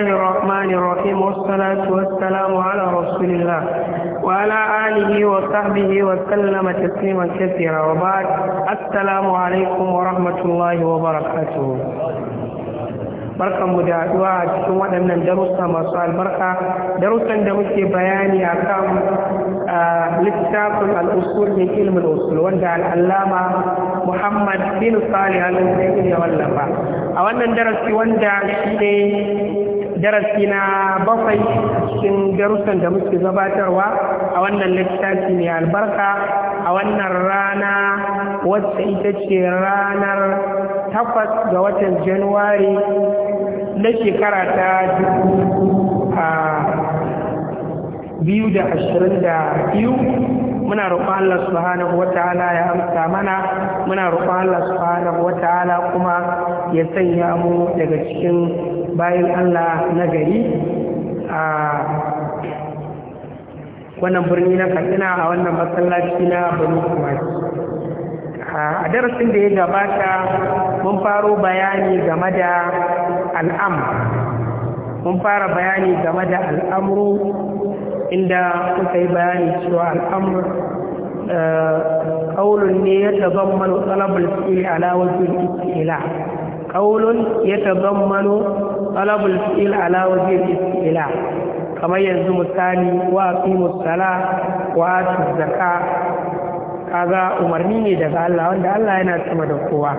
الله الرحمن الرحيم والصلاة والسلام على رسول الله وعلى آله وصحبه وسلم تسليما كثيرا وبعد السلام عليكم ورحمة الله وبركاته barkan mu da haɗuwa a cikin waɗannan darussa masu albarka darussan da muke bayani a kan littafin al'usul min ilmin usul wanda al'allama muhammad bin salih al-usaini ya wallafa a wannan darasi wanda shi ne darasi na bakwai a cikin darussan da muke gabatarwa a wannan littafi mai albarka a wannan rana wacce ita ce ranar takwas ga watan januwari na shekara ta dubu a biyu da ashirin da biyu muna roƙon Allah subhanahu wataala ya amsa mana muna roƙon Allah subhanahu wataala kuma ya sanya mu daga cikin bayan Allah na gari a wannan birni na Katsina a wannan masallaci na Bani kumari a darasin da ya gabata mun faro bayani game da al'am mun fara bayani game da al'amru inda kuka yi bayani cewa al'amur eh, ƙaunin ne ya tazammano talabar fi'il ala wajen ƙaunin ya tazammano talabar fi'il ala wajen kamar yanzu misali wa fi musala wa zaka kaga umarni ne daga Allah wanda Allah yana sama da kowa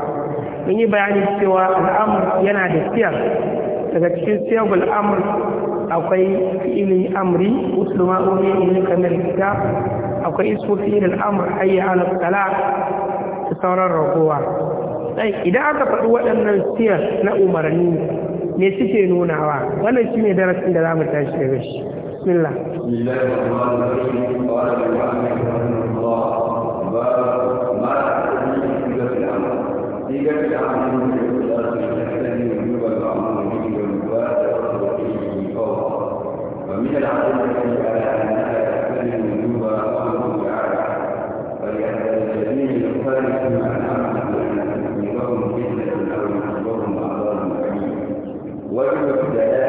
mun yi bayani cewa al'amur yana da siyar daga cikin siyagul al'amur, akwai fi'ilin amri uslu ma umiya kamar min akwai isu fi'ilin amr hayya ala sala da sauran ragowa idan aka faɗi waɗannan siyar na umarni ne suke nunawa wannan shine darasin da za mu tashi daga shi bismillah الله باب ما تعتني بصيغة العمل صيغة العمل من الإخلاص تحتمل وجوب المعمول به والمبادرة وقيمه فوق ومن العمل الذي على أنها تحتمل وجوب أمره تعالى فلهذا الذين يخالفون عن عمله أن تكون لهم فتنة أو يحسبهم عذاب أليم وجب ابتلاء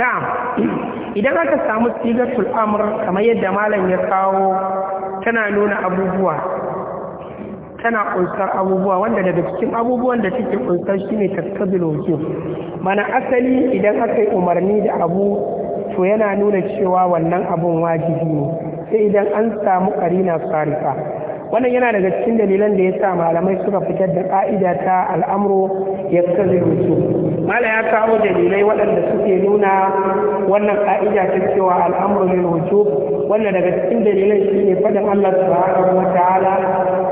na'am idan aka samu sigatul amr kamar yadda malam ya kawo tana nuna abubuwa tana kunsar abubuwa wanda daga cikin abubuwan da take kunsar shine tasbil wujub mana asali idan aka yi umarni da abu to yana nuna cewa wannan abun wajibi ne sai idan an samu karina sarifa wannan yana daga cikin dalilan da ya sa malamai suka fitar da ka'ida ta al'amru yaqtazil wujub mala ya kawo dalilai waɗanda suke nuna wannan ka'ida ta cewa al'amru lil wujub wannan daga cikin dalilan shine fadan Allah subhanahu wa ta'ala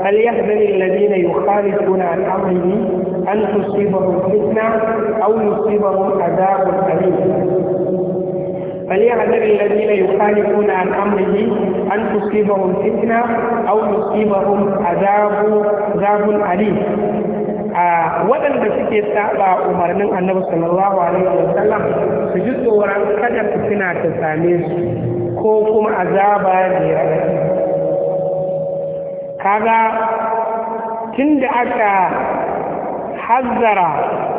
al yahdharu alladhina yukhalifuna an amrihi an tusibahum fitna aw yusibahum adabun alim فليعذر الذين يخالفون عن امره ان تصيبهم فتنه او يصيبهم عذاب adabun اليم a waɗanda suke saba umarnin annabi sallallahu alaihi wa sallam su ji tsoron kada tuna ta same su ko kuma azaba ne raɗaɗi kaga tun da aka hazzara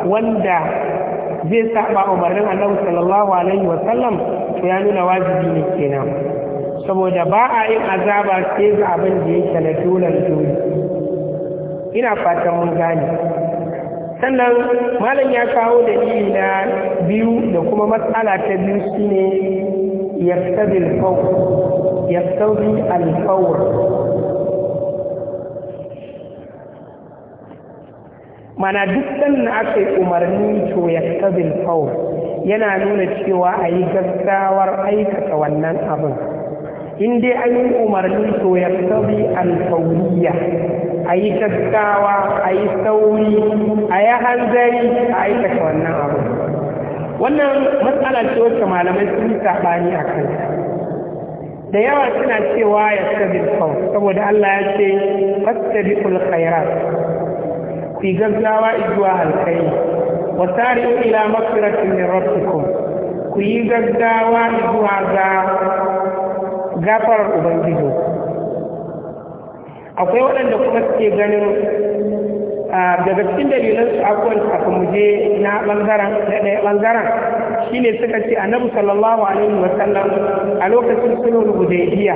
wanda zai saba umarnin annabi sallallahu alaihi wa sallam to ya nuna wajibi ne kenan saboda ba a yin azaba sai ga abin da yake na dole ina fatan mun gane sannan malam ya kawo da na biyu da kuma matsala ta biyu shine ne al-fawr yaftabi al-fawr mana duk sannan aka yi umarni to yaftabi al yana nuna cewa a yi gaggawar aikata wannan abin in dai an yi umarni to yaftabi al-fawriyya a yi gaggawa a yi sauri a yi hanzari a aikata wannan abu wannan matsalar ce wacce malamai sun yi saɓani a kan da yawa suna cewa ya sabi kawai saboda Allah ya ce fastabi khairat ku yi gaggawa zuwa alkai wa sari'u ila maghfiratin min rafiko ku yi gaggawa zuwa ga gafarar ubangiji akwai waɗanda kuma suke ganin daga cikin dalilan su akwai kafin mu je na ɓangaren na ɗaya ɓangaren shine suka ce annabi sallallahu alaihi wa sallam a lokacin sulhul hudaybiya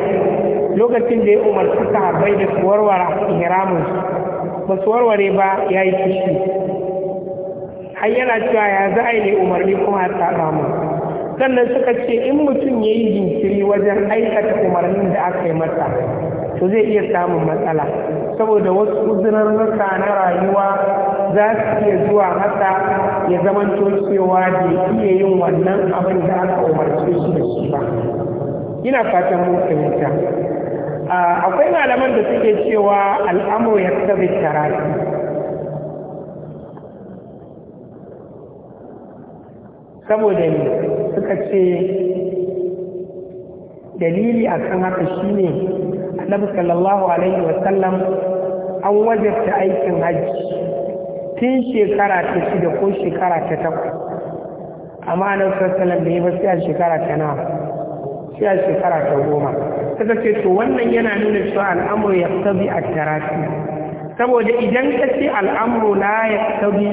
lokacin da ya umarci sahabbai da su warware ihramin ba su warware ba ya yi kishi har yana cewa ya za a yi ne umarni kuma ya saba mu sannan suka ce in mutum ya yi jinkiri wajen aikata umarnin da aka yi masa to zai iya samun matsala saboda wasu uzurarruka na rayuwa za su iya zuwa masa ya zama cewa ya iya yin wannan abin da aka umarce su da shi ba ina fatan mun fahimta akwai malaman da suke cewa al'amuru ya tabi tarafi saboda ne suka ce dalili akan haka shine annabi sallallahu alaihi wasallam an wajabta aikin hajji tun shekara ta shida ko shekara ta takwas amma annabi sallallahu alaihi wasallam ba sai a shekara ta nawa sai a shekara ta goma suka ce to wannan yana nuna cewa al'amuru ya tabi a tarafi saboda idan ka ce al'amuru la ya tabi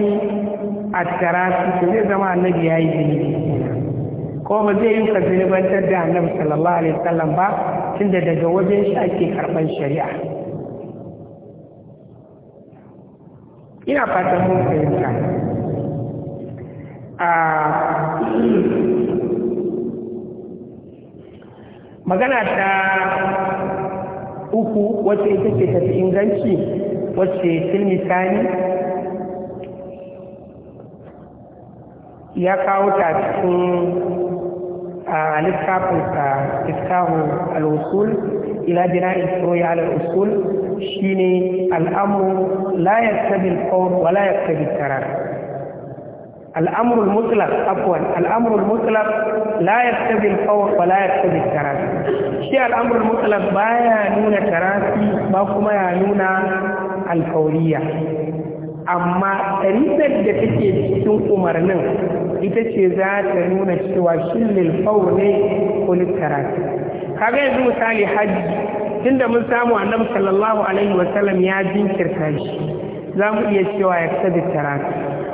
a tarafi to zai zama annabi ya yi zunubi ko ba zai yi ka zunubantar da annabi sallallahu alaihi wasallam ba tunda daga wajen shi ake karɓar shari'a ina fatan mun fahimta a magana ta uku wacce ita ce tafi inganci wacce filmi sani ya kawo ta cikin الافتاء آه، آه، الوصول إلى بناء الفروع على الأصول شيني الأمر لا يكتب القول ولا يكتب القرار الأمر المطلق عفوا الأمر المطلق لا يكتب القول ولا يكتب القرار شيء الأمر المطلق بايا نون كراسي ما كما يعنون القولية amma ɗariƙar da take cikin umarnin ita ce za ta nuna cewa shillil faur ne kulit karatu kaga yanzu misali hajji da mun samu annabi sallallahu alaihi wasallam ya jinkirta shi za mu iya cewa ya tabi karatu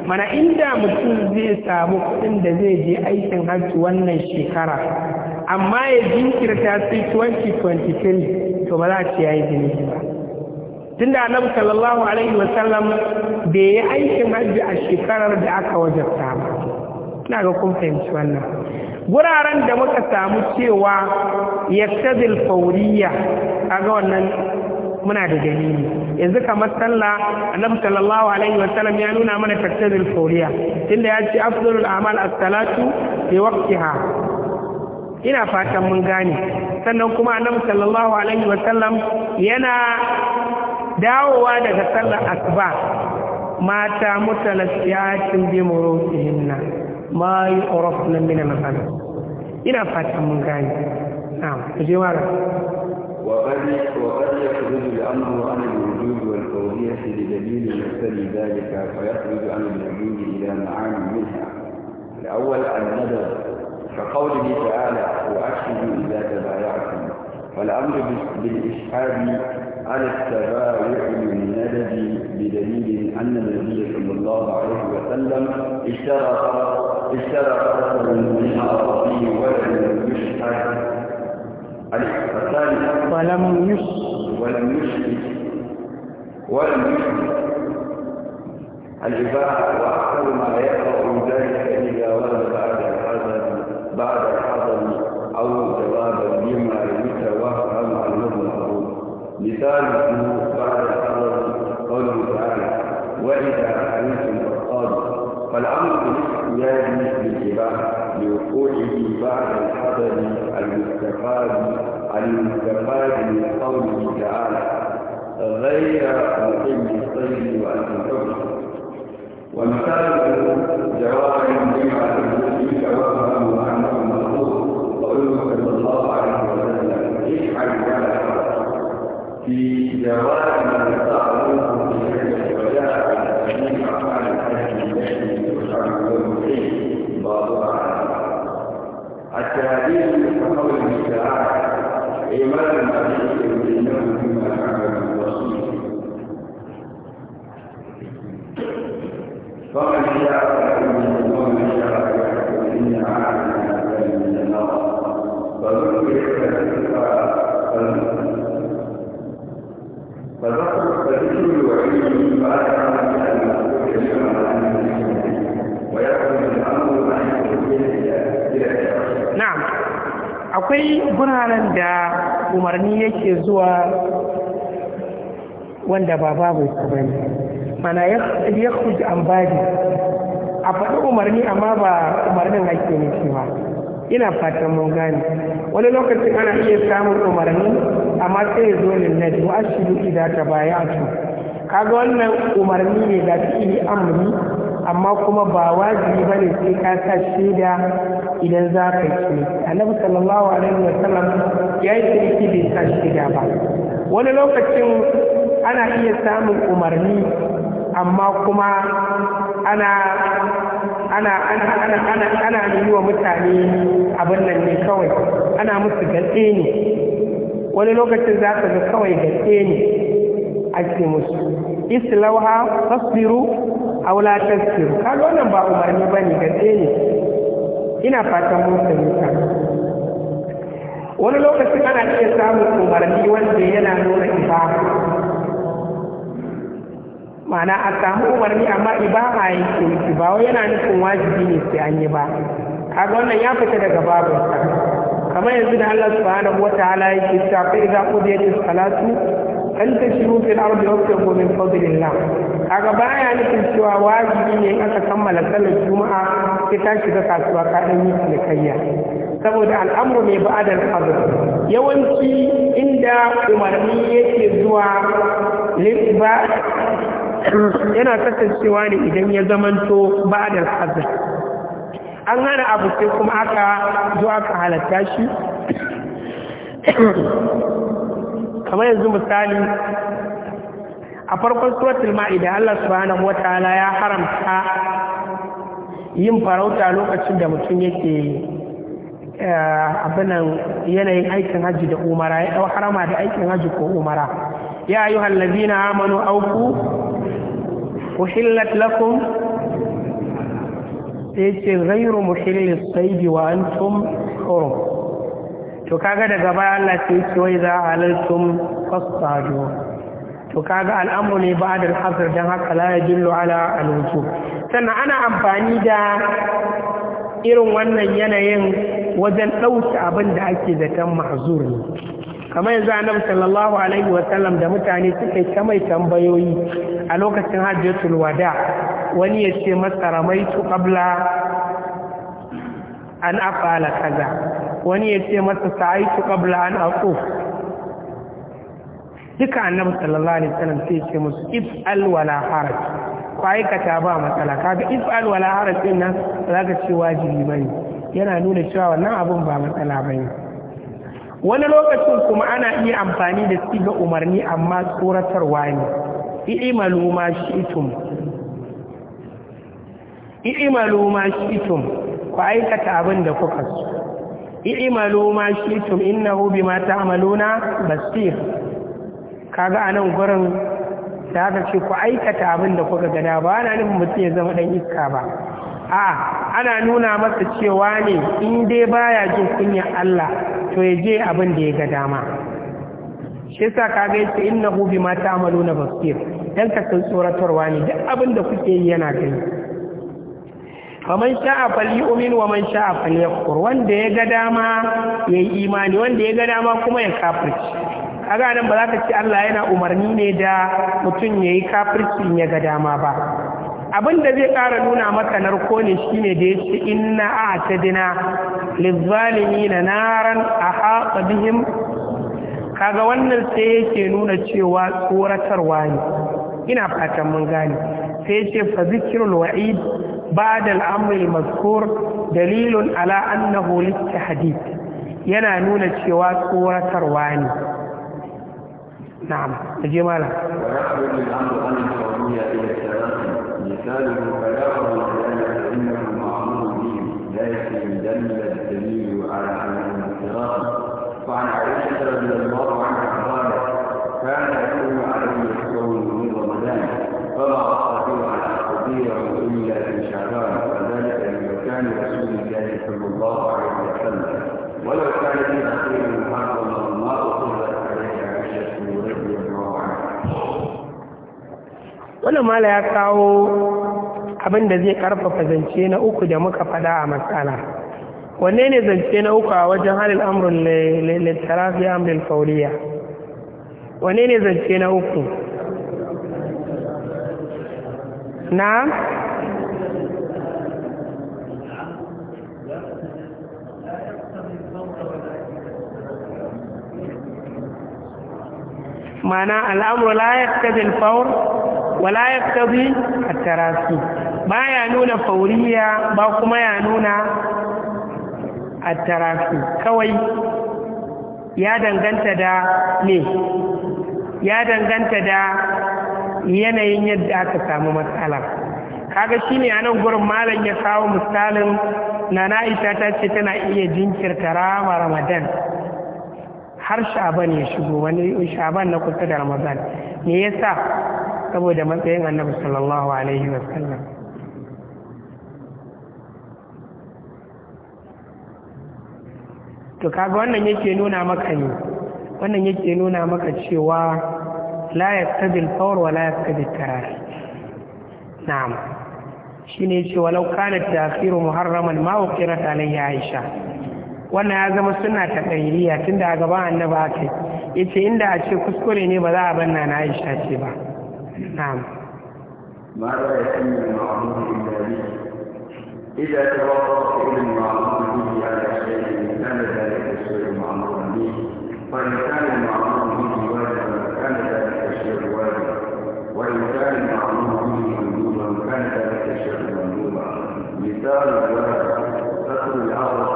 mana inda mutum zai samu kuɗin da zai je aikin hajji wannan shekara amma ya jinkirta sai 2023 to ba za a ce ya yi ba tunda annabi sallallahu alaihi wasallam bai yi aikin hajji a shekarar da aka wajabta ba ina ga kun fahimci wannan guraren da muka samu cewa fauriya a ga wannan muna da dalili yanzu kamar sallah annabi sallallahu alaihi wasallam ya nuna mana taktadil fawriya tunda ya ce afdalul a'mal as-salatu bi waqtiha ina fatan mun gane sannan kuma annabi sallallahu alaihi wasallam yana dawowa daga sallar asuba mata mutalasiyatin bi murusihinna ma yu'rafna min al-khalq ina fatan mun gani na'am kuje mara وقد وقد يخرج الامر عن الوجود والكونيه لدليل مثل ذلك فيخرج عن الوجود الى معاني منها الاول الندب كقوله تعالى واشهد اذا تبايعتم فالامر بالاشهاد على التبايع للندب بدليل أن النبي صلى الله عليه وسلم اشترى اشترى قصر من أرضي ولم يشهد الثاني ولم يشهد ولم يشهد ولم يشهد الإباحة وأحد ما يقرأ ذلك إذا ورد بعد هذا بعد ثالثه بعد قوله تعالى وإذا أنتم فاصطادوا فالأمر بالاستياد للإباحة لوقوعه بعد الحضر المستفاد المستفاد من قوله تعالى غير مقيم الصيد وأنتم حرم ومثاله جواب لما تدرك وفهم أنه مخلوق قوله صلى الله عليه وسلم اجعل ولا في جواب ما صار منهم في شيء وجاء على سبيل أفعال أهل الليل وشعب المسلمين بعضها على بعض التهديد من قوله تعالى إيمان عليكم إنه بما عمل بصير فمن شاء من ومن شاء فإن عالم من النار فذكر الكفار akwai biranen da umarni yake zuwa wanda ba babu su ba mana ya kuji an a faɗi umarni amma ba umarnin ake nufi ba ina fatan mun wani lokacin ana iya samun umarni amma sai ya zo lillahi shi duki da ta baya su kaga wannan umarni ne da fi'ili amri amma kuma ba wajibi ba ne sai ka sa shaida idan za ka ci annabi sallallahu alaihi wa sallam ya yi ciniki bai sa shaida ba wani lokacin ana iya samun umarni amma kuma ana ana ana ana ana ana yi wa mutane abin nan ne kawai ana musu gaske ne wani lokacin za ka ga kawai gaske ne ake musu islauha fasbiru aula ta ka kaga wannan ba umarni ba gaske ne ina fatan mun fahimta wani lokacin ana iya samun umarni wanda yana nuna ibaha ma'ana a samu umarni amma ibaha yake nufi ba wai yana nufin wajibi ne sai an yi ba kaga wannan ya fita daga babinsa kamar yanzu da Allah subhanahu wataala yake cewa fa idza qudiyatis salatu an na fil ardi wasbiru min fadlillah kaga baya nufin cewa wajibi ne in aka kammala sallar juma'a sai ta shiga kasuwa ka dan yi cinikayya saboda al'amuru mai ba'ad al-qadr yawanci inda umarni yake zuwa lisba yana kasancewa ne idan ya zamanto ba'ad al-qadr an hana abu sai kuma aka zo aka halatta shi kamar yanzu misali a farkon suratul ma'ida Allah subhanahu wataala ya haramta yin farauta lokacin da mutum yake eh, abinan yanayin aikin hajji da umara ya dau harama da aikin hajji ko umara ya ayu hallazina amanu auku uhillat lakum sai ghayru muhillis sayd wa antum hurum to kaga daga baya Allah ce yake wai za halaltum fasadu to kaga al'amru ne bada al-hasr dan haka la yadullu ala al-wujub sannan ana amfani da irin wannan yanayin wajen ɗauke abin da ake zaton mahzur ne kamar yanzu annabi sallallahu alaihi wa sallam da mutane suke ta mai tambayoyi a lokacin hajjatul wada wani ya ce masa ramaitu qabla an afala kaza wani ya ce masa ki qabla an aquf duka annabi sallallahu alaihi wasallam sai ya ce musu if'al wala haraj ku aikata ba matsala kaga if'al wala haraj din nan zaka ce wajibi bane yana nuna cewa wannan abun ba matsala bane wani lokacin kuma ana iya amfani da siga umarni amma tsoratarwa ne i'malu ma shi'tum i'malu ma shi'tum ku aikata abin da kuka so i'malu ma shi'tum innahu bima ta'maluna basir kaga anan gurin da aka ce ku aikata abin da kuka gada ba ana nufin mutum ya zama dan iska ba a ana nuna masa cewa ne in dai baya jin kunya Allah to ya je abin da ya ga dama shi yasa kaga yace innahu bima ta'maluna basir dan ka tsoratarwa ne duk abin da kuke yi yana gani faman sha'a umin wa man sha'a falyakfur wanda ya ga dama yayi imani wanda ya ga dama kuma ya kafirci kaga nan ba za ka ce Allah yana umarni ne da mutum yayi kafirci ya ga dama ba abin da zai kara nuna maka narko ne shine da yace inna a'tadina lizzalimina naran haɗa bihim kaga wannan sai yake nuna cewa tsoratarwa ne ina fatan mun gane sai yace fa zikrul wa'id بعد الأمر المذكور دليل على أنه للتحديد ينا نون الشواك قوة ترواني نعم جمالا ويحمل الأمر أن إلى به لا الدليل على وعن عائشة رضي الله عنها قالت كان يكون عليه الصوم من رمضان فما تقديره في شعبان وذلك لمكان رسول الله صلى الله عليه وسلم ولو كان في محرم عليه رضي الله عنها wannan mala ya kawo abin da zai karfafa zance na uku da muka fada a matsala wanne ne zance na uku a wajen halin amurin littarafi amurin fauliya wanne ne zance na uku na'am mana al'amur la yaqtadi al-fawr wa la yaqtadi at-tarasi baya nuna fauriya ba kuma ya nuna at-tarasi kawai ya danganta da ne ya danganta da yanayin yadda aka samu matsalar kaga ne a nan gurin malam ya kawo misalin na na'isha ta ce tana iya jinkirta rama ramadan har sha'aban ya shigo wani sha'aban na kusa da ramadan me yasa saboda matsayin annabi sallallahu alaihi wasallam to kaga wannan yake nuna maka ne wannan yake nuna maka cewa لا يقتضي الفور ولا يقتضي التراخي نعم شيني ولو كان التأخير محرما ما وقرت عليه عائشة wannan ya zama suna ta tsairiya tun da gaban annaba ake yace inda a ce kuskure ne ba za a banna na aisha ce ba na'am ma da ya san da ma'amudu da ne idan ta rawa ko irin ma'amudu da ya da shi ne dan da da ke so ma'amudu ne fa ne kan ma'amudu كان ذلك الشيء واجبا وإن كان المعروف فيه مندوبا كان ذلك الشيء مندوبا مثال الولد تدخل العرض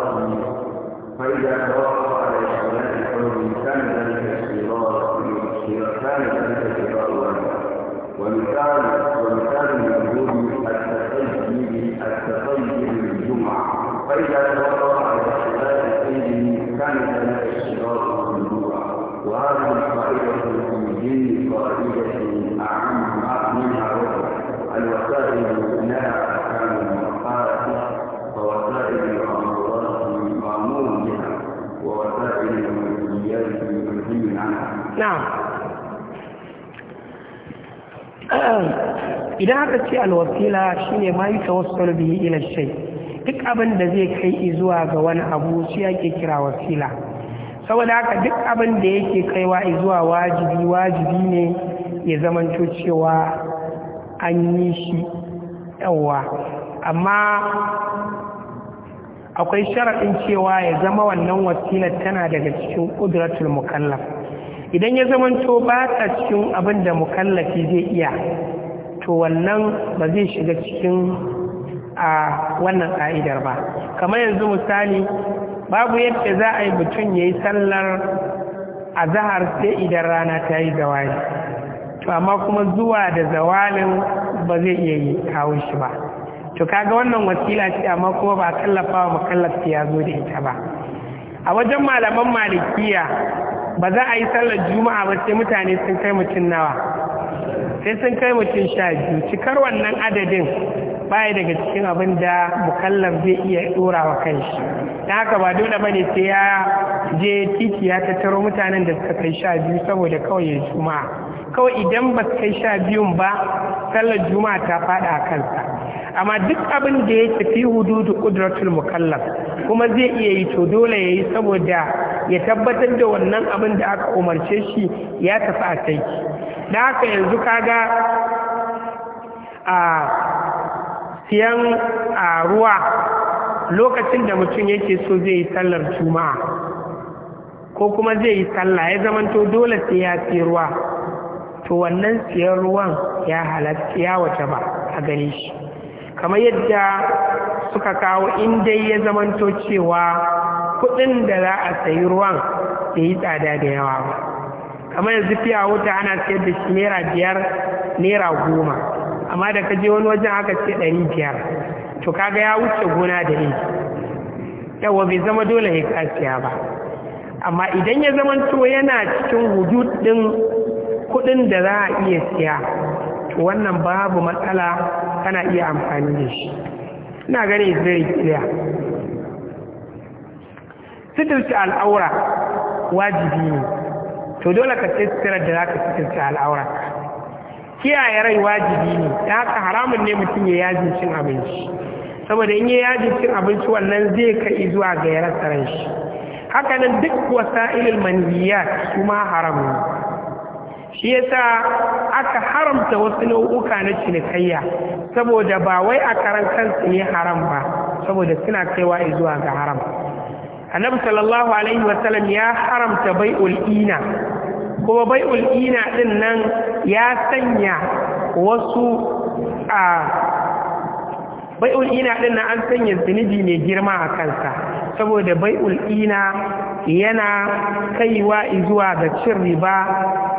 فإذا توقف على إشعالات الحلم كان ذلك الشراء كان ذلك الشراء واجبا ومثال ومثال المندوب التقيد التقيد الجمعة فإذا توقف نعم idan aka ce alwasila shine ma yi tawassul bihi ila shay duk abin da zai kai zuwa ga wani abu shi ake kira wasila saboda haka duk abin da yake kaiwa zuwa wajibi wajibi ne ya zamanto cewa an yi shi yawa amma akwai sharaɗin cewa ya zama wannan wasilar tana daga cikin ƙudratul mukallaf idan ya zamanto ba ta cikin abin da mukallafi zai iya to wannan ba zai shiga cikin a wannan ƙa'idar ba kamar yanzu misali babu yadda za a yi mutum ya yi sallar azahar sai idan rana ta yi zawali to amma kuma zuwa da zawalin ba zai iya yi kawo shi ba to kaga wannan wasila ce amma kuma ba a kallafa wa makallafi ya zo da ita ba a wajen malaman malikiya ba za a yi sallar juma'a ba sai mutane sun kai mutum nawa sai sun kai mutum sha biyu cikar wannan adadin baya daga cikin abin da mukallaf zai iya dora wa kanshi da haka ba dole ba ne sai ya je titi ya tattaro mutanen da suka kai sha biyu saboda kawai ya juma kawai idan ba su kai sha biyun ba sallar juma'a ta faɗa a kansa amma duk abin da ya tafi hududu kudratul mukallaf kuma zai iya yi to dole ya yi saboda ya tabbatar da wannan abin da aka umarce shi ya tafi a kai da haka yanzu kaga a siyan a ruwa lokacin da mutum yake so zai yi sallar juma'a ko kuma zai yi sallah ya zamanto dole sai ya siya ruwa to wannan siyan ruwan ya halatta ya wace ba a gani shi kamar yadda suka kawo in dai ya zamanto cewa kudin da za a sayi ruwan ya yi tsada da yawa ba kamar yanzu fiya wuta ana sayar da shi naira biyar naira goma amma da ka je wani wajen aka ce ɗari biyar to kaga ya wuce gona da ne yawa bai zama dole ya kasiya ba amma idan ya zama to yana cikin hudud din kudin da za a iya siya to wannan babu matsala kana iya amfani da shi ina gani is very clear sitirci al'aura wajibi ne to dole ka sitirci da za ka sitirci al'aura kiyaye rai wajibi ne ya haka haramun ne mutum ya yajin cin abinci saboda in yi yaji cin abinci wannan zai kai zuwa ga ya rasa ran shi haka nan duk ilil manhiyat su ma haram ne shi yasa aka haramta wasu nau'uka na cinikayya saboda ba wai a karan kansu ne haram ba saboda suna kaiwa zuwa ga haram annabi sallallahu alaihi wasallam ya haramta bai'ul ina kuma bai'ul ina din nan ya sanya wasu a bai'ul ina din na an sanya zunubi mai girma a kansa saboda bai'ul ina yana kaiwa zuwa ga cin riba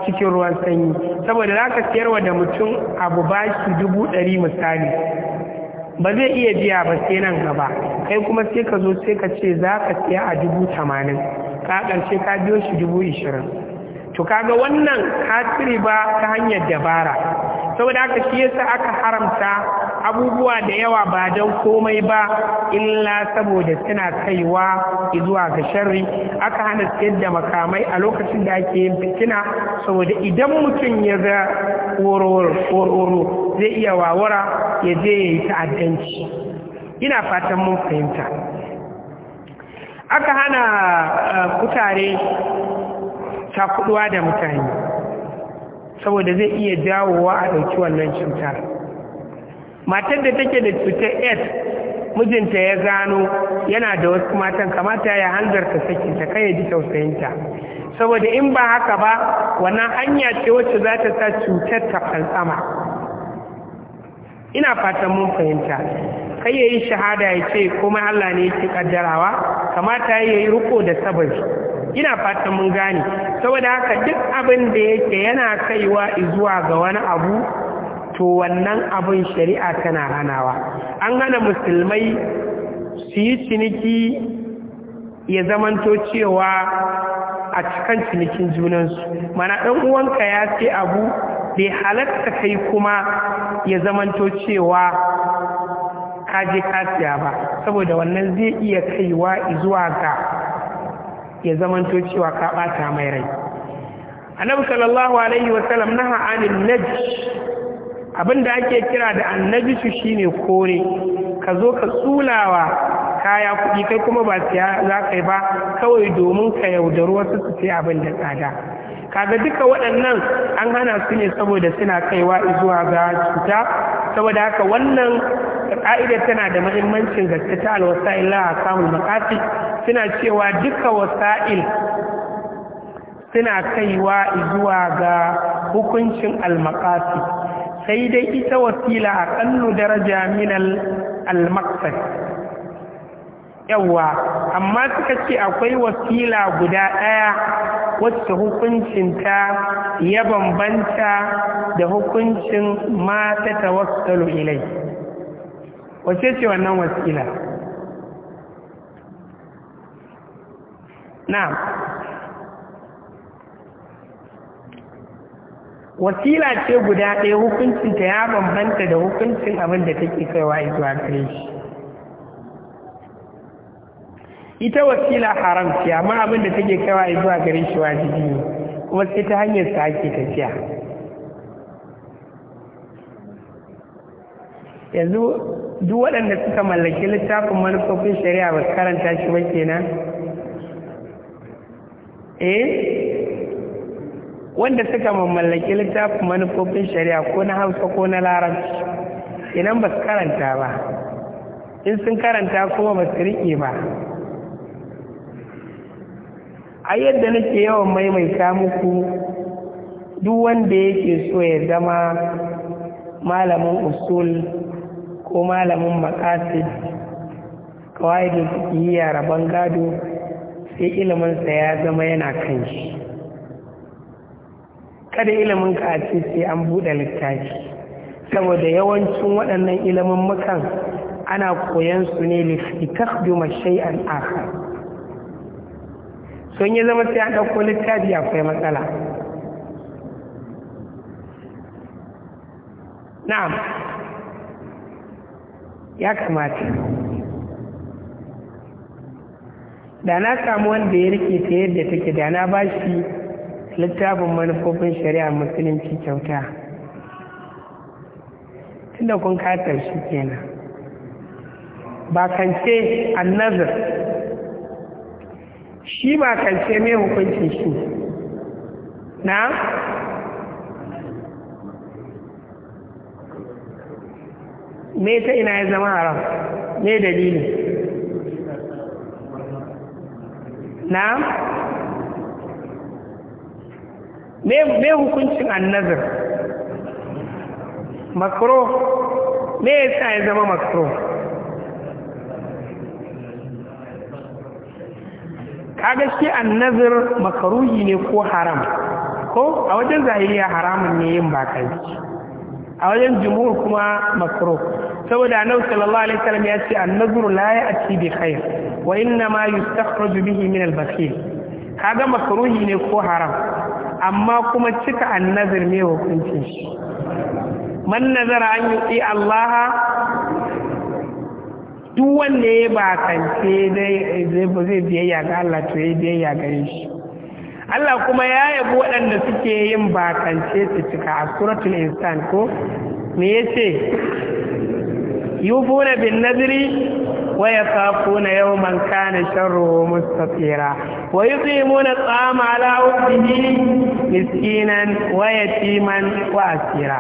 cikin ruwan sanyi saboda za ka siyarwa da mutum abu bashi dubu ɗari misali ba zai iya biya ba sai nan gaba kai kuma sai ka zo sai ka ce za ka siya a dubu tamanin ka ƙarshe ka biyo shi dubu ishirin to kaga wannan ka ci riba ta hanyar dabara saboda haka shi yasa aka haramta abubuwa da yawa ba don komai ba illa saboda suna kaiwa zuwa ga sharri aka hana siyar da makamai a lokacin da ake yin fitina saboda idan mutum ya ga woro zai iya wawara ya je ya yi ta'addanci ina fatan mun fahimta aka hana eh, kutare takuduwa da mutane saboda zai iya dawowa a ɗauki wannan cutar matar da take da cutar aids mijinta ya gano yana da wasu matan kamata ya hanzarta sakinta kai ya ji tausayinta saboda in ba haka ba wannan hanya ce wacce za ta sa cutar ta fantsama ina fatan mun fahimta kai ya yi shahada ya ce kuma Allah ne yake kaddarawa kamata ya yi ruko da sabari ina fatan mun gane saboda haka duk abin da yake yana kaiwa zuwa ga wani abu to wannan abin shari'a tana hanawa an hana musulmai su yi ciniki ya zamanto cewa a cikin cinikin junansu mana ɗan uwanka ya ce abu bai halatta kai kuma ya zamanto cewa kaje kasiya ba saboda wannan zai iya kaiwa zuwa ga ya zamanto cewa ka ɓata mai rai annabi sallallahu alaihi wasallam naha anil najj abin da ake kira da su shine kore ka zo ka tsulawa kaya kuɗi kai kuma ba siya za ka yi ba kawai domin ka yaudaru wasu su sai abin da tsada kaga duka waɗannan an hana su ne saboda suna kaiwa zuwa ga cuta saboda haka wannan ƙa'ida tana da mahimmancin gaske ta alwasa'il la samun makafi suna cewa duka wasa'il suna kaiwa zuwa ga hukuncin almakafi sai dai ita wasila a ƙannu daraja min al maqsad yawwa amma suka ce akwai wasila guda ɗaya wacce hukuncinta ya bambanta da hukuncin mata ta wasu ilai wace ce wannan wasila na wasila ce guda ɗaya hukuncinta ya bambanta da hukuncin abin da take kaiwa zuwa gare shi ita wasila haram ce amma abin da take kaiwa zuwa gare shi wajibi ne kuma sai ta hanyar sa ake tafiya yanzu duk waɗanda suka mallaki littafin manufofin shari'a ba karanta shi ba kenan eh wanda suka mamallaki littafin manufofin shari'a ko na hausa ko na larabci idan ba su karanta ba in sun karanta kuma ba su riƙe ba a yadda nake yawan maimaita muku duk wanda yake so ya zama malamin usul ko malamin makasi kawai da suke yi yara bangado, sai iliminsa ya zama yana kan shi kada ilimin ka a ce sai an buɗe littafi saboda yawancin waɗannan ilimin mukan ana koyan su ne littafi shay'an akhar sun yi zama sai an ɗauko littafi akwai matsala na'am ya kamata da na samu wanda ya rike ta yadda take da na bashi littafin manufofin shari'a musulunci kyauta tunda kun katar shi kenan bakance annazir shi ba kance mai hukuncin shi na me ta ina ya zama haram me dalili na me hukuncin annazar makro me yasa ya zama makro kaga shi annazar makaruhi ne ko haram ko a wajen zahiriya haramun ne yin bakanci a wajen jumhur kuma makro saboda annabi sallallahu alaihi wasallam ya ce annazuru la ya'ti bi khair wa inna ma yustakhraju bihi min al-bakhil kaga makruhi ne ko haram amma kuma cika annazir ne hukuncin shi man nazara an yi allaha duk wanda ya bakance zai biyayya ga Allah to ya biyayya ga shi Allah kuma ya yabi waɗanda suke yin bakance su cika a suratul insan ko me yace yufuna bin nadri waya kafu na yau man kane sharro mustafira wa yuqimu na tsama ala ubbihi miskinan wa yatiman wa asira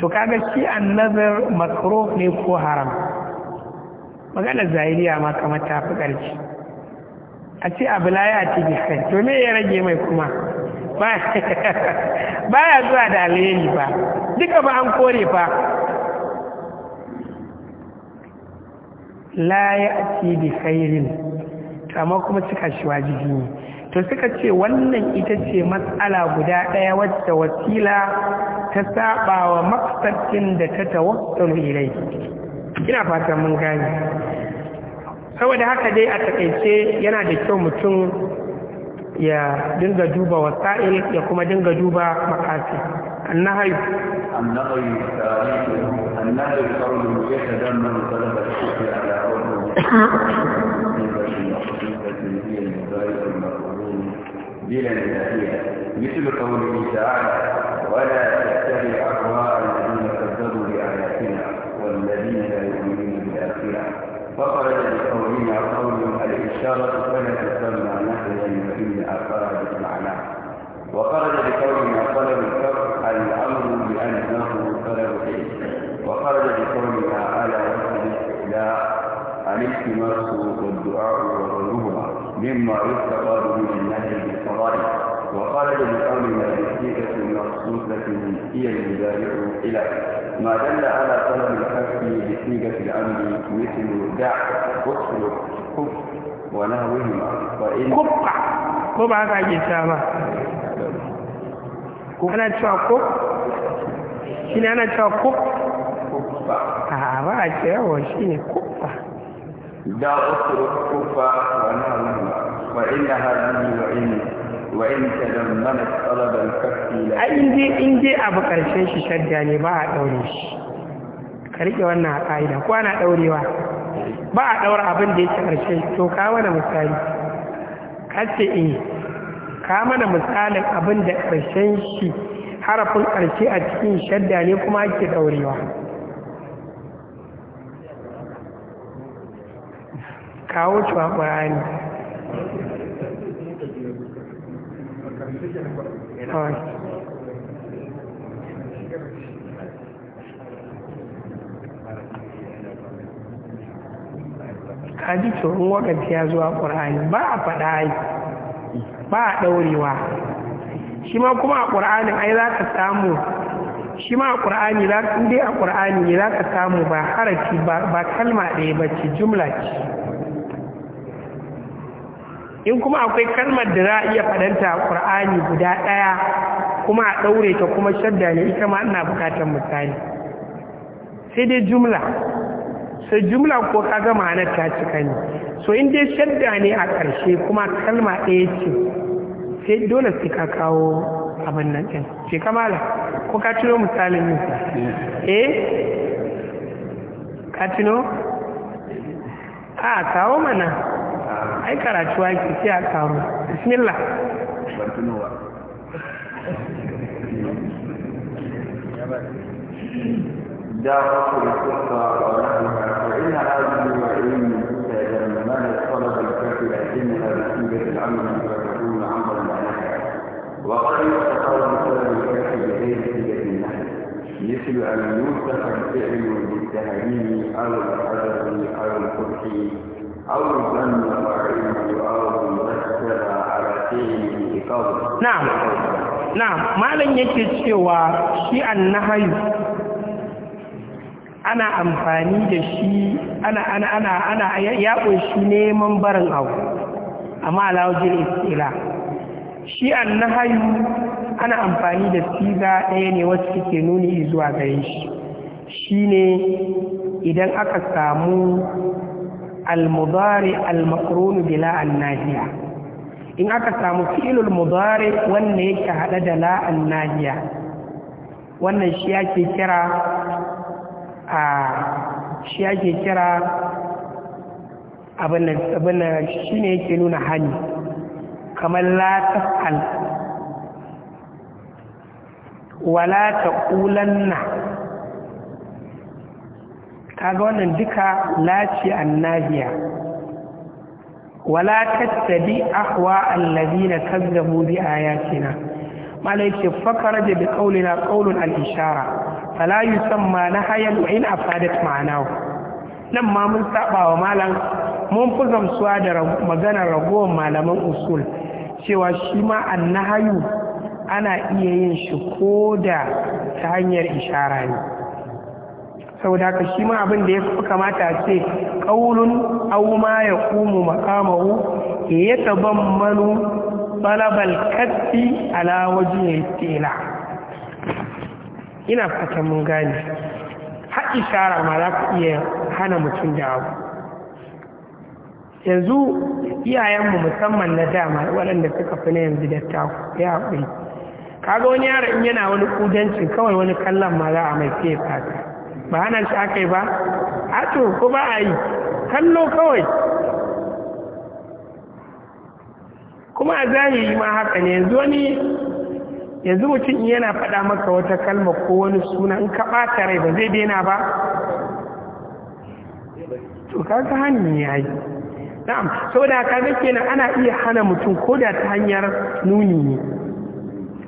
to kaga shi annabar makro ne ko haram magana zahiriya ma kamar ta fi karfi a ce abu laye a cikin kai to me ya rage mai kuma ba ya zuwa da alayyani ba duka ba an kore ba la ya ya'ti da khairin amma kuma cika shi wajibi ne to suka ce wannan ita ce matsala guda ɗaya wacce wasila ta saba wa maksadin da ta tawassalu ilai ina fatan mun gane saboda haka dai a takaice yana da kyau mutum ya dinga duba wasa'il ya kuma dinga duba makasi النهي النهي تاريخه النهي قوله يتدمر طلب الشكر على حكمه هي بلا نهاية مثل ولا مما يستفاد من النهي بالفضائل وقال بقول النتيجة المقصودة هي المدافع إلى ما دل على طلب الحق بصيغة الأمر مثل دع اترك كف ونهوهما فإن كفع كفع هذا سامع ana أنا ko shi ne أنا cewa ko a هذا a cewa shi ne kufa da uku وإن هذه وإن وإن تلمنت طلب الكف أي إن دي إن دي أبو كرشين شدة ne ba a daure shi ka rike wannan ka'ida ko ana daurewa ba a daura abin da yake karshe to ka wani misali ka ce eh ka mana misalin abin da karshen shi harafin karshe a cikin shadda ne kuma ke daurewa kawo cewa ƙwararri ji tsoron wakati ya zuwa ƙur'ani ba a faɗa ai ba a ɗaurewa shi ma kuma a ƙur'anin ai za ka samu shi ma a ƙur'ani za ka a za ka samu ba harafi ba kalma ɗaya ba ce jumla ce in kuma akwai kalmar da za a iya faɗanta a guda ɗaya kuma a ɗaure ta kuma shadda ne ita ma ana buƙatar misali sai dai jumla sai jumla ko ka ga ma'anar ta cika ne so in dai shadda ne a ƙarshe kuma kalma ɗaya ce sai dole sai ka kawo abin nan ɗin ce kamala ko ka tuno misalin yin eh ka tuno a kawo mana اي ai karatu ake sai a karu bismillah دار الفقه ونحوها فإن هذه وإن تجمعنا الطلب الكافي لكنها بسيطة العمل فتكون عملا معناها وقد يتقرب الطلب الكافي بغير سيدة النحل مثل أن يوصف الفعل بالتهريم أو الحذر أو القبح na'am na'am malam yake cewa shi annahayu ana amfani da shi ana ana ana ana ya kunshi neman barin abu amma alawajin istila shi annahayu ana amfani da siga ɗaya ne wacce suke nuni zuwa gare shi shine idan aka samu al-mudari al-maqrun bila in aka samu fi'ilul mudari wanda yake hada da la an wannan shi yake kira abin shi ne yake nuna hani kamar la taf'al wala taqulanna kaga wannan duka laci annabiya wala tattabi ahwa allazina kazzabu bi ayatina malai ce fakara da bi qaulina qaulun al ishara fala yusamma wa in afadat ma'anahu nan ma mun saba wa malam mun fi gamsuwa da maganar ragowar malaman usul cewa shi ma annahayu ana iya yin shi ko da ta hanyar ishara ne saboda haka shi ma abin da ya fi kamata a ce ƙaunun auma ya ƙumu makamahu ya taban manu balabal katsi ala waje tela ina fatan mun gane har shara ma za ka iya hana mutum da abu yanzu iyayenmu musamman na dama waɗanda suka fi na yanzu da ta ya haƙuri kaga wani yaron yana wani kudancin kawai wani kallon ma za a mai fiye fata ba hana shi aka yi ba a to ko ba a yi kallo kawai kuma a yi ma haka ne yanzu wani yanzu mutum yana faɗa maka wata kalma ko wani suna in ka ɓata rai ba zai daina ba to kaga hannu ya yi na'am saboda ga kenan ana iya hana mutum ko da ta hanyar nuni ne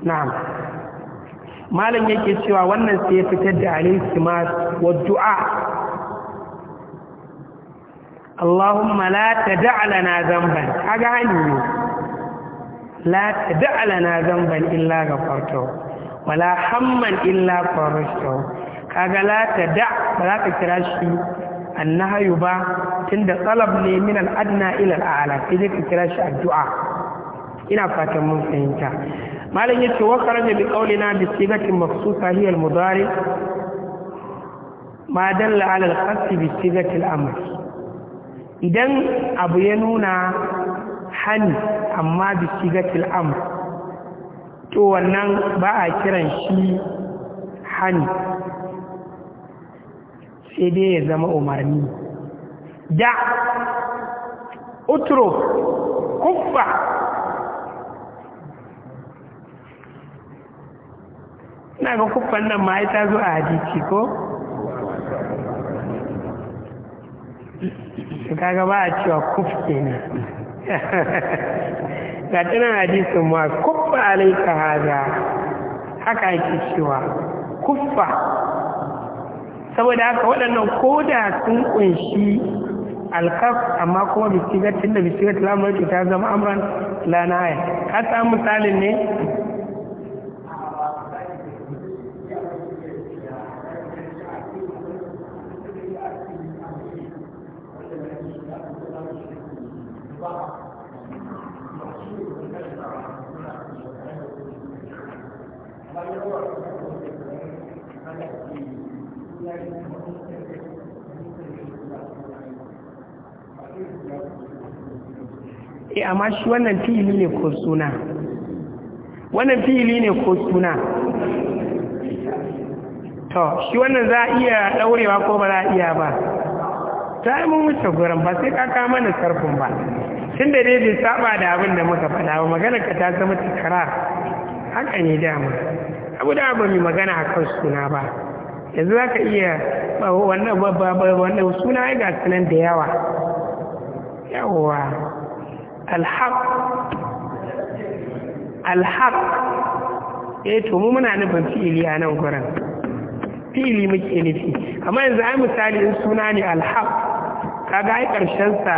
na'am malam yake cewa wannan sai ya fitar da alaihi ma والدعاء اللهم لا تدع لنا ذنبا أغاني لا تدع لنا ذنبا إلا غفرته ولا حما إلا فرجته kaga la tad'a ba za ka kira shi annahyu ba tunda talab ne min al-adna ila al-a'la sai ka kira shi addu'a ina fatan mun fahimta malam yace wa kharaja bi qawlina bi sigatin mafsusa hiya al-mudari ma dalla ala al bi sigati al'amr idan abu ya nuna hani amma bi sigati al'amr to wannan ba a kiran shi hani sai dai ya zama umarni da utro kuffa ina ga kuffan nan ma ya tazo a hadisi ko kaga ba a cewa kuf ne? ga tunan hadisin ma kuffa alaika haza haka ake cewa kuffa saboda haka waɗannan ko da sun kunshi alkaf amma kuma bisigatin da bisigatin lamarin ta zama amuran lanaya ka samu misalin ne e amma shi wannan fili ne ko suna wannan fili ne ko suna to shi wannan za a iya daurewa ko ba za a iya ba ta yi mun wuce gurin ba sai kaka mana sarfin ba tun da ne bai saba da abin da muka faɗa ba magana ka ta zama takara haka ne dama abu da abu mai magana a kan suna ba yanzu za ka iya wannan wannan suna ya ga sanan da yawa yawa alhaq alhaq eh to mu muna nufin fi'ili a nan gurin fi'ili muke nufi amma yanzu ai misali in suna ne alhaq kaga ai karshen sa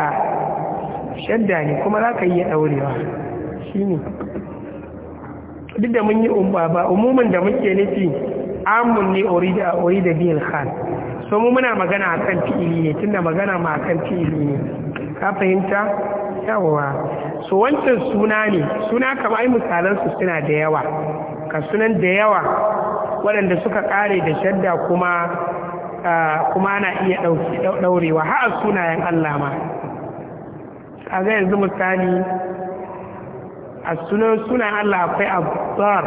shadda ne kuma za ka iya ɗaurewa shi ne duk da mun yi umba ba umumin da muke nufi amun ne ori da biyar khan so mu muna magana a kan fi'ili ne tunda magana ma a kan fi'ili ne ka fahimta yawa so wancan suna ne suna kama ai misalansu suna da yawa ka sunan da yawa waɗanda suka ƙare da shadda kuma ah, kuma ana iya ɗaurewa har sunayen Allah ma a ga yanzu misali a sunan sunan Allah akwai abdar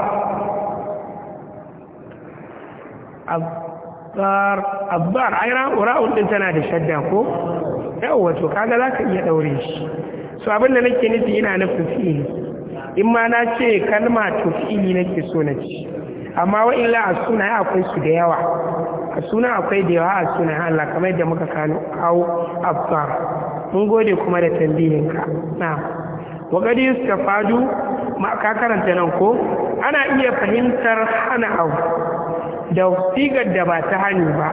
abdar abdar ai ra'un din tana da shadda ko Yau wato kaga za ka iya daure shi so abin da nake nufi ina nufin fi'ili in ma na ce kalma to fi'ili nake so na ci amma wa illa a suna akwai su da yawa a suna akwai da yawa a suna Allah kamar yadda muka kano kawo abdar mun gode kuma da tambihinka na waƙadi ma ka karanta nan ko ana iya fahimtar hana abu da sigar da ba ta hani ba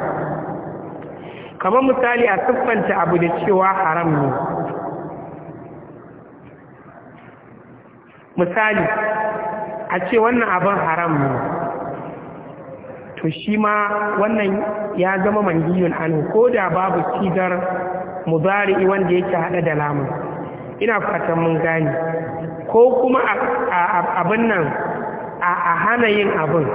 kamar misali a siffanta abu da cewa haram ne misali a ce wannan abin haram ne to shi ma wannan ya zama manhiyun an ko da babu sigar mudari wanda yake hada da lamun ina fatan mun gane ko kuma abin nan a hana yin abin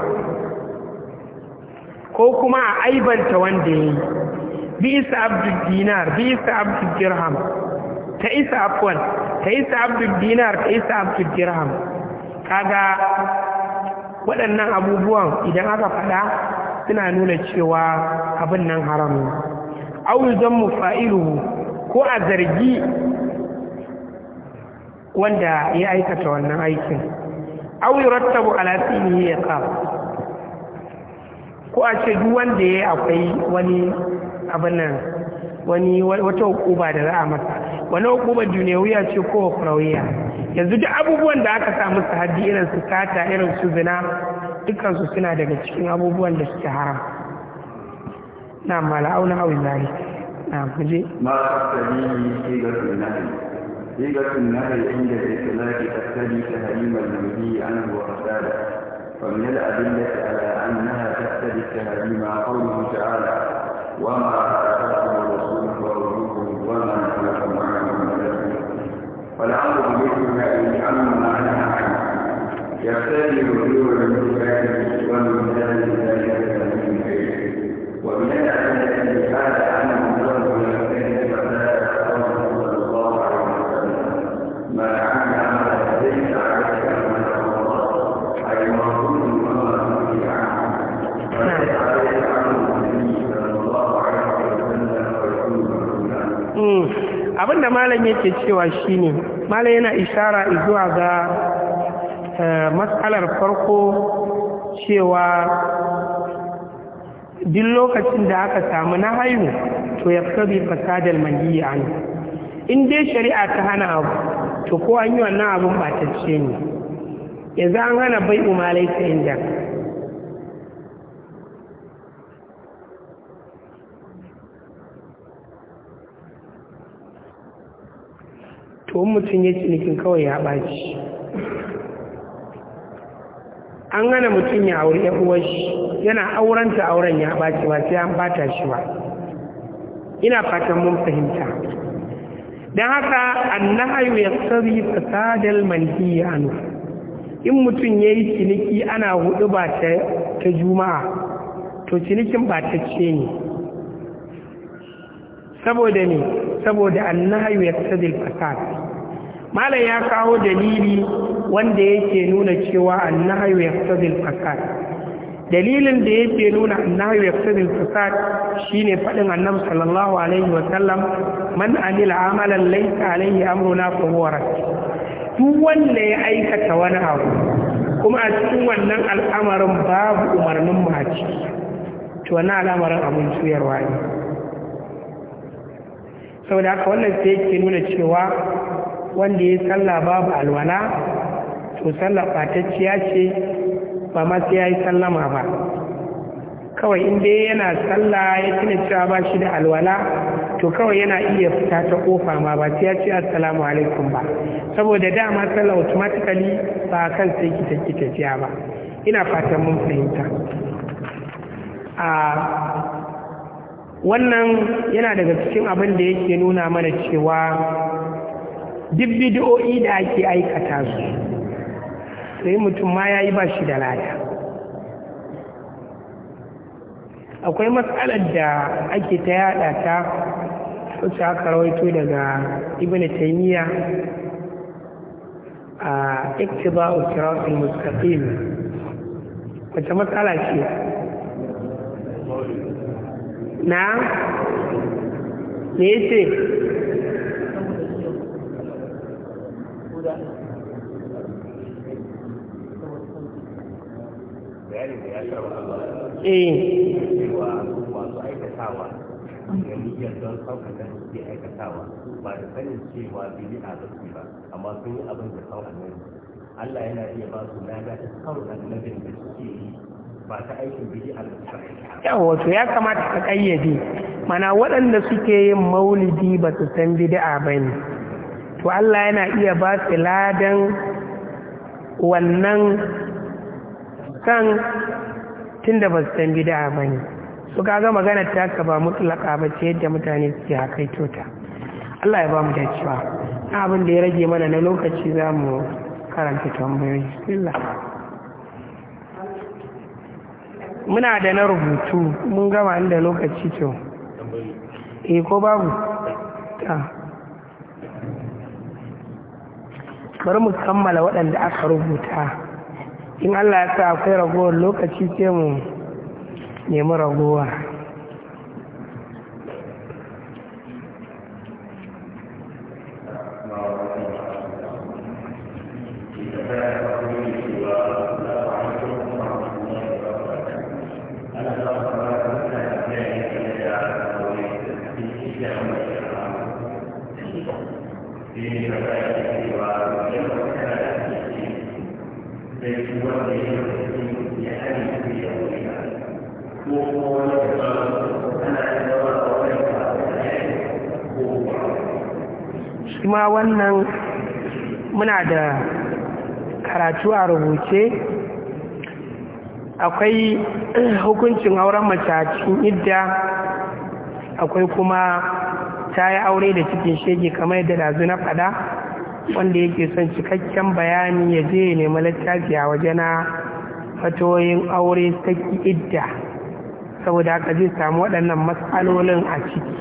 ko kuma a aibanta wanda ya yi bi isa abdul dinar bi isa abdul dirham ta isa afwan ta isa abdul dinar ta isa abdul dirham kaga waɗannan abubuwan idan aka faɗa suna nuna cewa abin nan haram ne au zammu fa'iluhu ko a zargi wanda ya aikata wannan aikin au yurattabu ala ya iqab ko a ce duk wanda yayi akwai wani abin nan wani wata hukuma da za a masa wani hukumar duniyawiya ce ko kurawiya yanzu duk abubuwan da aka samu su haddi irin su kata irin su zina dukkan suna daga cikin abubuwan da suke haram نعم ما أولى أو المال نعم مجيء ما تقتضيه صيغة النهي صيغة النهي عند الإطلاق تقتضي تهريم المنهي عنه وفساده ومن الأدلة على أنها تقتضي التحريم قوله تعالى وما أتاكم الرسول فخذوه وما نهاكم عنه فالأمر بمثل أمر ما نهى عنه يقتضي الرسول المثبت والمثال لذلك ذلك ومن Hmm. abinda malam yake cewa shine malam yana ishara zuwa ga eh, matsalar farko cewa duk lokacin da aka samu na haihu to ya kabi fasadar maniyi an in dai shari'a ta hana abu to ko an yi wannan abin batacce ne za an hana bai umalai ta inda to mutum ya ci cinikin kawai ya ɓaci an gana mutum ya auri ya uwar shi yana aurenta auren ya ɓaci ba sai an bata shi ba ina fatan mun fahimta don haka annahayu ya tsari fasadal manhiya anu in mutum ya yi ciniki ana hudu ba ta juma'a to cinikin ba ta ce ne saboda ne saboda annahayu ya tsari fasad malam ya kawo dalili wanda yake nuna cewa annahu yaqtadil fasad dalilin da yake nuna annahu yaqtadil fasad shine fadin annabi sallallahu alaihi wa sallam man amila amalan laysa alaihi amruna fa huwa duk wanda ya aikata wani abu kuma a cikin wannan al'amarin babu umarnin mu a ciki to wannan al'amarin abun tuyarwa ne saboda haka wannan sai yake nuna cewa wanda ya sallah babu alwala to sallar ɓatacciya ce ba ma sai ya yi sallama ba kawai in dai yana sallah ya tuna cewa ba shi da alwala to kawai yana iya fita ta kofa ma ba sai ya ce assalamu alaikum ba saboda dama sallah automatically ba kan sai kita kita jiya ba ina fatan mun fahimta a wannan yana daga cikin abin da yake nuna mana cewa duk bidiyo'i da ake aikata su sai mutum ma ya yi ba shi da lada akwai matsalar da ake ta yada ta wacce aka rawaito daga ibn taymiya a iktiba'u siratul mustaqim wacce matsala ce na me yace bayani da ya karba Allah eh cewa masu aikatawa da niyyar don saukaka da suke aikatawa ba da sanin cewa bid'a ba su ba amma sun yi abin da kawai annabi Allah yana iya ba su lada ta kawai annabin da suke yi ba ta aikin bid'a da suke yawa wato ya kamata ka ƙayyade mana waɗanda suke yin maulidi ba su san bid'a ba ne to Allah yana iya ba su ladan wannan kan da ba su san bid'a ba ne su kaga ta ka ba mutlaka ba ce yadda mutane suke hakaito ta Allah ya ba mu dacewa na abin da ya rage mana na lokaci za mu karanta tambayoyi bismillah muna da na rubutu mun gama inda lokaci to eh ko babu ta bari mu kammala waɗanda aka rubuta in allah ya sa akwai ragowar lokaci sai mu nemi ragowa uwa wannan muna da karatu a rubuce akwai hukuncin auren mace a cikin idda akwai kuma ta yi aure da cikin shege kamar yadda dazu na fada wanda yake son cikakken bayani ya je ya nemi littafi a wajena fatoyin aure saki idda saboda haka zai samu waɗannan matsalolin a ciki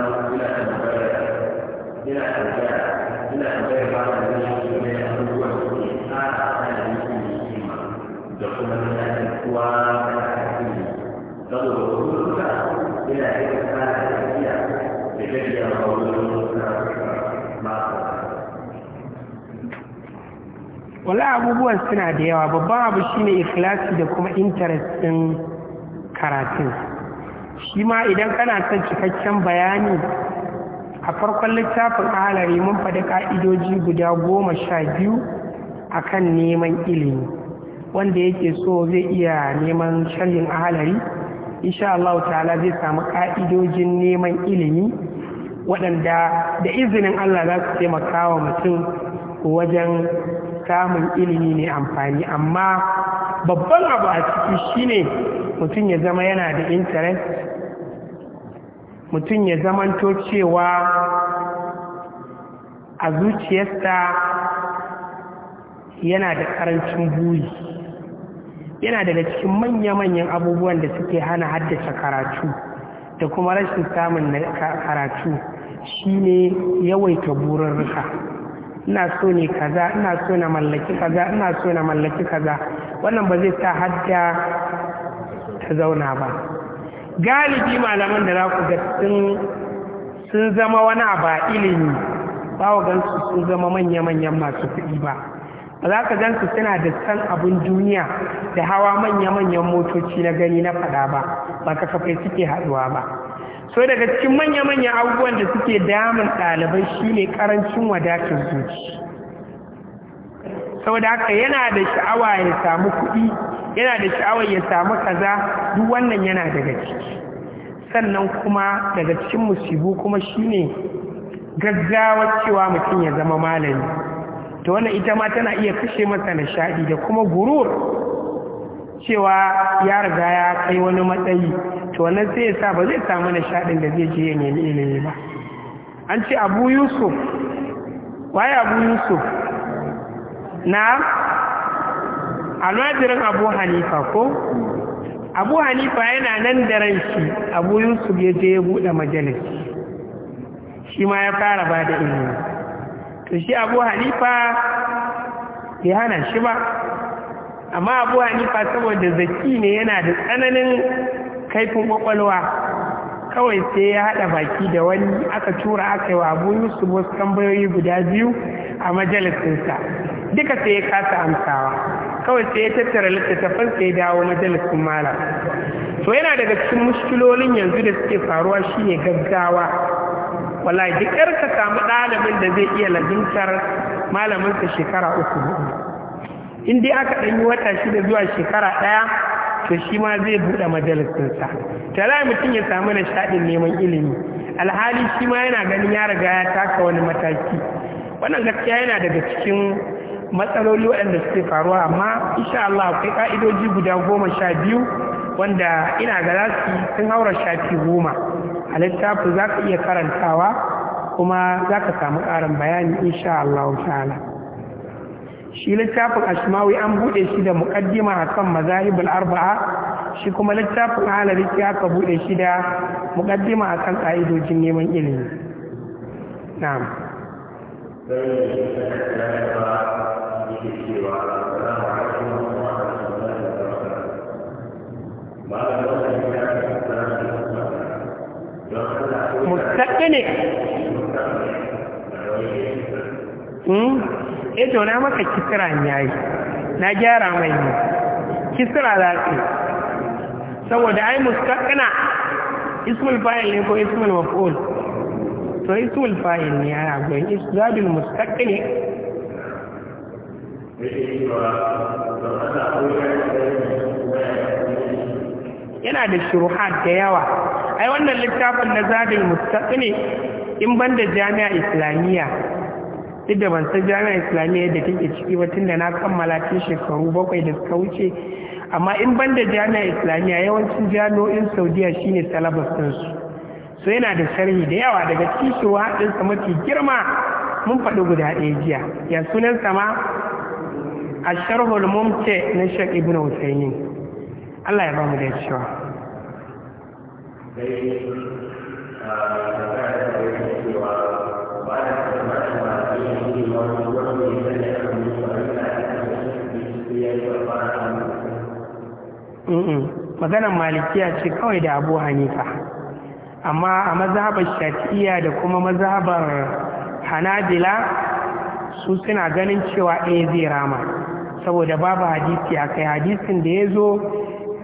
wala abubuwan suna da yawa babban abu shine ikhlasi da kuma interest karatun shi ma idan kana son cikakken bayani a farkon littafin ahalari mun faɗi ka'idoji guda goma sha biyu a kan neman ilimi wanda yake so zai iya neman sharhin ahalari insha Allah ta'ala zai samu ka'idojin neman ilimi waɗanda da izinin Allah za su taimaka wa mutum wajen samun ilimi ne amfani amma babban abu a ciki shine mutum ya zama yana da interest mutum ya zamanto cewa a zuciyarsa yana da karancin buri yana daga cikin manya-manyan abubuwan da suke hana haddace karatu da kuma rashin samun karatu shine yawaita burin rika ina so ne kaza ina so na mallaki kaza ina so na mallaki kaza wannan ba zai sa hadda ta zauna ba galibi malaman da za ku ga sun zama wani abu ilimi ba wa gansu sun zama manya-manyan masu kuɗi ba ba za ka gansu suna da san abin duniya da hawa manya-manyan motoci na gani na faɗa ba ba ka kasafai suke haɗuwa ba so daga cikin manya-manya abubuwan da suke damun ɗalibai shine karancin wadatar zuci saboda haka yana da sha'awa ya samu kuɗi yana da sha'awar ya samu kaza duk wannan yana daga ciki sannan kuma daga cikin musibu kuma shine gaggawa cewa mutum ya zama malami to wannan ita ma tana iya kashe masa nishaɗi da kuma gurur cewa ya riga ya kai wani matsayi to wannan sai ya sa ba zai samu nishaɗin da zai je ya nemi ne ba an ce abu yusuf waye abu yusuf na alwajirin abu hanifa ko abu hanifa yana nan da shi abu yusuf ya je ya buɗe majalis shi ma ya fara ba da ilimi to shi abu hanifa ya hana shi ba amma abu hanifa saboda zaki ne yana da tsananin kaifin kwakwalwa kawai sai ya haɗa baki da wani aka tura aka yi wa abu yusuf wasu tambayoyi guda biyu a majalisinsa duka sai ya kasa amsawa kawai sai ya tattara littattafan sai ya dawo majalisin malam to yana daga cikin mushkilolin yanzu da suke faruwa shine gaggawa wallahi duk ka samu ɗalibin da zai iya lazimtar malaminsa shekara uku in dai aka ɗan yi wata shida zuwa shekara ɗaya to shi ma zai buɗe majalisinsa tare mutum ya samu nishaɗin neman ilimi alhali shi ma yana ganin ya riga ya taka wani mataki wannan gaskiya yana daga cikin matsaloli waɗanda suke faruwa amma insha Allah akwai ƙa'idoji guda goma sha biyu wanda ina ga za su sun haura shafi goma a littafi za ka iya karantawa kuma za ka samu ƙarin bayani insha Allah ta'ala shi littafin asmawi an bude shi da muqaddima akan al arba'a shi kuma littafin halalici aka bude shi da muqaddima akan ka'idojin neman ilimi na'am mustaqini hmm eh to na maka ya yayi na gyara mai ne kisira za ka saboda ai mustaqna ismul fa'il ne ko ismul maf'ul to ismul fa'il ne ana goyin isdadul mustaqni yana da shuruhat da yawa ai wannan littafin na zadul mustaqni in banda jami'a islamiyya duk da ban san jami'ar islamiyya da take ciki ba tun da na kammala cikin shekaru bakwai da suka wuce amma in ban da jami'ar islamiyya yawancin jami'o'in saudiya shine salabas Su so yana da sharhi da yawa daga cikin ɗinsa mafi girma mun faɗi guda ɗaya jiya ya sunan sama a sharhul mumce na shek ibn husaini allah ya ba mu da cewa maganan malikiya ce kawai da abu hanifa amma a mazhabar shafi'iyya da kuma mazhabar hanabila su suna ganin cewa eh zai rama saboda babu hadisi a kai hadisin da ya zo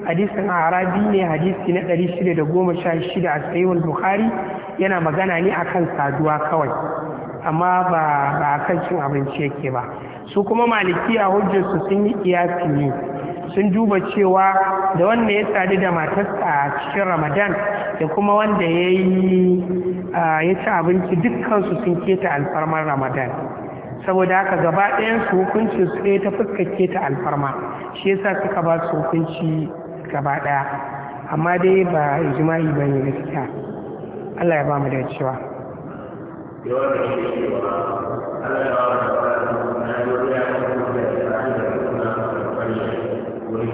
hadisin arabi ne hadisi na 616 a sahihul bukhari yana magana ne akan saduwa kawai amma ba ba akan cin abinci yake ba su kuma malikiya hujjarsu sun yi kiyasi ne sun duba cewa da wanda ya sadu da matarsa a cikin ramadan da kuma wanda ya yi ya ci abinci dukkansu sun keta alfarmar ramadan saboda haka gaba ɗayansu hukuncin su ɗaya ta fuska keta alfarma shi yasa suka ba su hukunci gaba ɗaya amma dai ba jima'i ba ne gaskiya allah ya ba mu cewa Allah ya ba mu da cewa ai bai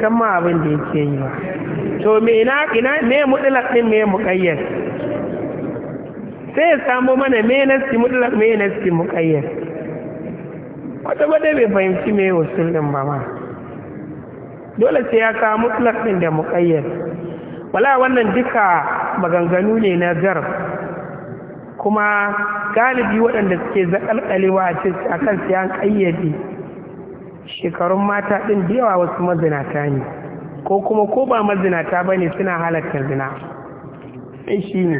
san ma abin da yake yi ba to me ina ina me mutlaq din me muqayyad sai ya samu mana me nasi mutlaq me nasi muqayyad wata wata bai fahimci me usul din ba ma dole sai ya kawo mutlaq din da muqayyad wala wannan duka maganganu ne na jarab. kuma galibi waɗanda suke zaƙalƙalewa a kan siyan ƙayyade shekarun mata ɗin da yawa wasu mazinata ne ko kuma ko ba mazinata ba ne suna halattar zina ɗin shi ne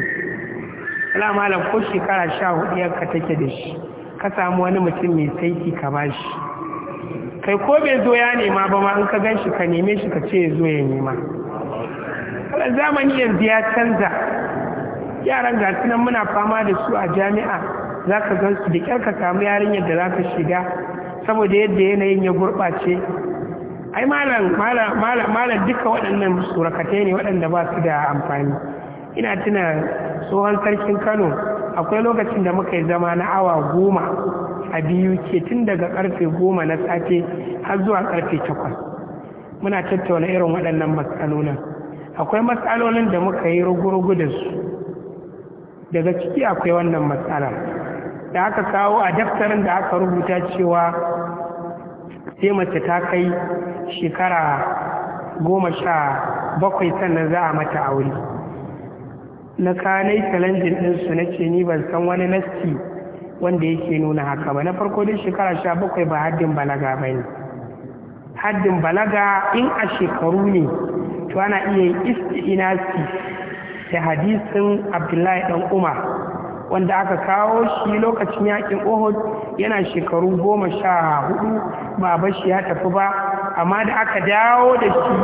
malam ko shekara sha hudu yanka take da shi ka samu wani mutum mai saiti ka ba shi kai ko bai zo ya nema ba ma in ka gan shi ka neme shi ka ce ya zo ya nema zamani yanzu ya canza yaran gasu nan muna fama da su a jami'a za ka gan su da kyar ka samu yarinyar da za ka shiga saboda yadda yanayin ya gurɓace ai malam duka waɗannan surakatai ne waɗanda ba su da amfani ina tuna tsohon sarkin kano akwai lokacin da muka yi zama na awa goma a biyu ke tun daga karfe goma na safe har zuwa karfe takwas muna tattauna irin waɗannan matsalolin akwai matsalolin da muka yi rugurugu da su daga ciki akwai wannan matsalar. da aka kawo a daftarin da aka rubuta cewa sai mace ta kai shekara goma sha bakwai sannan za a mata aure na kanai challenging ɗinsu na ce ni ban san wani nasti wanda yake nuna haka ba na farko dai shekara sha bakwai ba haddin balaga ba ne haddin balaga in a shekaru ne to ana iya yin isti'inasi da hadisin abdullahi dan umar wanda aka kawo shi lokacin yakin uhud yana shekaru goma sha hudu ba bashi ya tafi ba amma da aka dawo da shi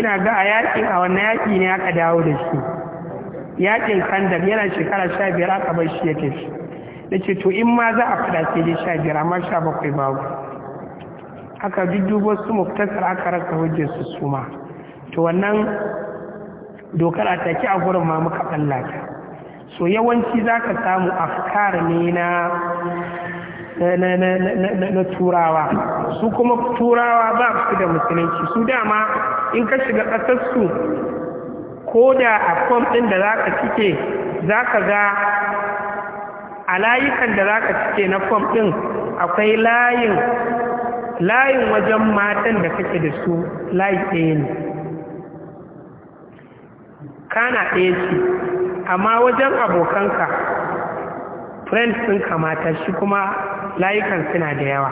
ina ga a yakin a wannan yaki ne aka dawo da shi yakin kandar yana shekara sha biyar aka bar shi ya tafi da ce to in ma za a fada sai dai sha biyar amma sha bakwai babu haka duk dubo su muftasar aka rasa hujjar su suma to wannan dokar a take a gurin ma muka ɓallata so yawanci za ka samu afkar ne na na turawa su kuma turawa ba su da musulunci su dama in ka shiga ƙasarsu ko da a fom ɗin da za ka cike za ka ga a layukan da za ka cike na fom ɗin akwai layin layin wajen matan da kake da su layi kana ɗaya ce amma wajen abokanka friends sun kamata shi kuma layukan suna da yawa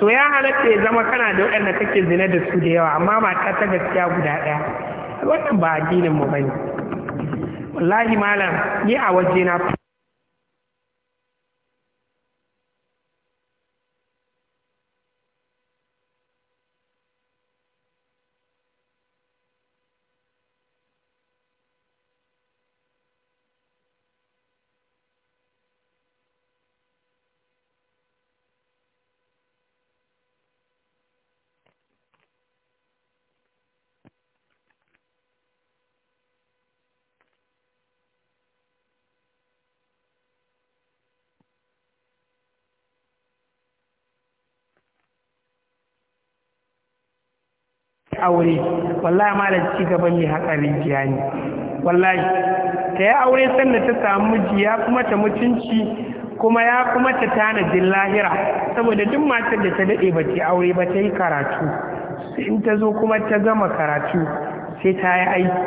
so ya halatta ya zama kana da waɗanda kake zina da su da yawa amma mata ta gaskiya guda ɗaya wannan ba addinin mu bane wallahi malam ni a waje na aure wallahi malam ci gaba mai haƙa rijiya ne wallahi ta yi aure sannan ta samu miji ya kuma ta mutunci kuma ya kuma ta tanadin lahira saboda duk matar da ta daɗe ba ta aure ba ta yi karatu in ta zo kuma ta gama karatu sai ta yi aiki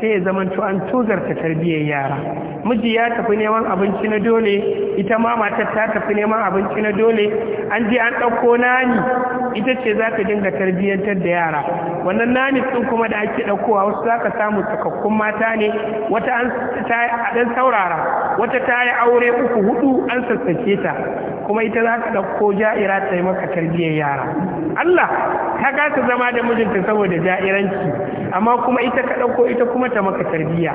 sai ya zama an tuzarta tarbiyyar yara miji ya tafi neman abinci na dole ita ma matar ta tafi neman abinci na dole an ji an ɗauko nani ita ce za ta dinga tarbiyyantar da yara wannan nani sun kuma da ake ɗaukowa wasu za ka samu tsakakkun mata ne wata an ɗan saurara wata ta yi aure uku hudu an sassake ta kuma ita za ka ɗauko ja'ira ta yi maka tarbiyyar yara Allah ta kasa zama da mijinta saboda ja'iranci amma kuma ita ka ɗauko ita kuma ta maka tarbiyya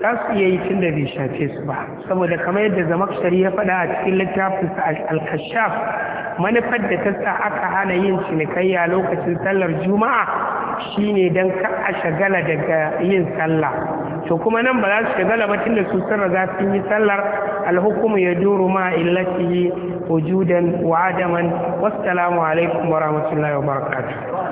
za su iya yi tun da bai shafe su ba saboda kamar yadda shari ya faɗa a cikin littafinsa al alkashaf manufar da ta sa aka hana yin cinikayya lokacin sallar juma'a shine don ka a shagala daga yin sallah to kuma nan ba za su shagala ba tun da su sun riga sun yi sallar alhukumu ya duru ma illatihi wujudan wa adaman wassalamu alaikum wa rahmatullahi wa barakatu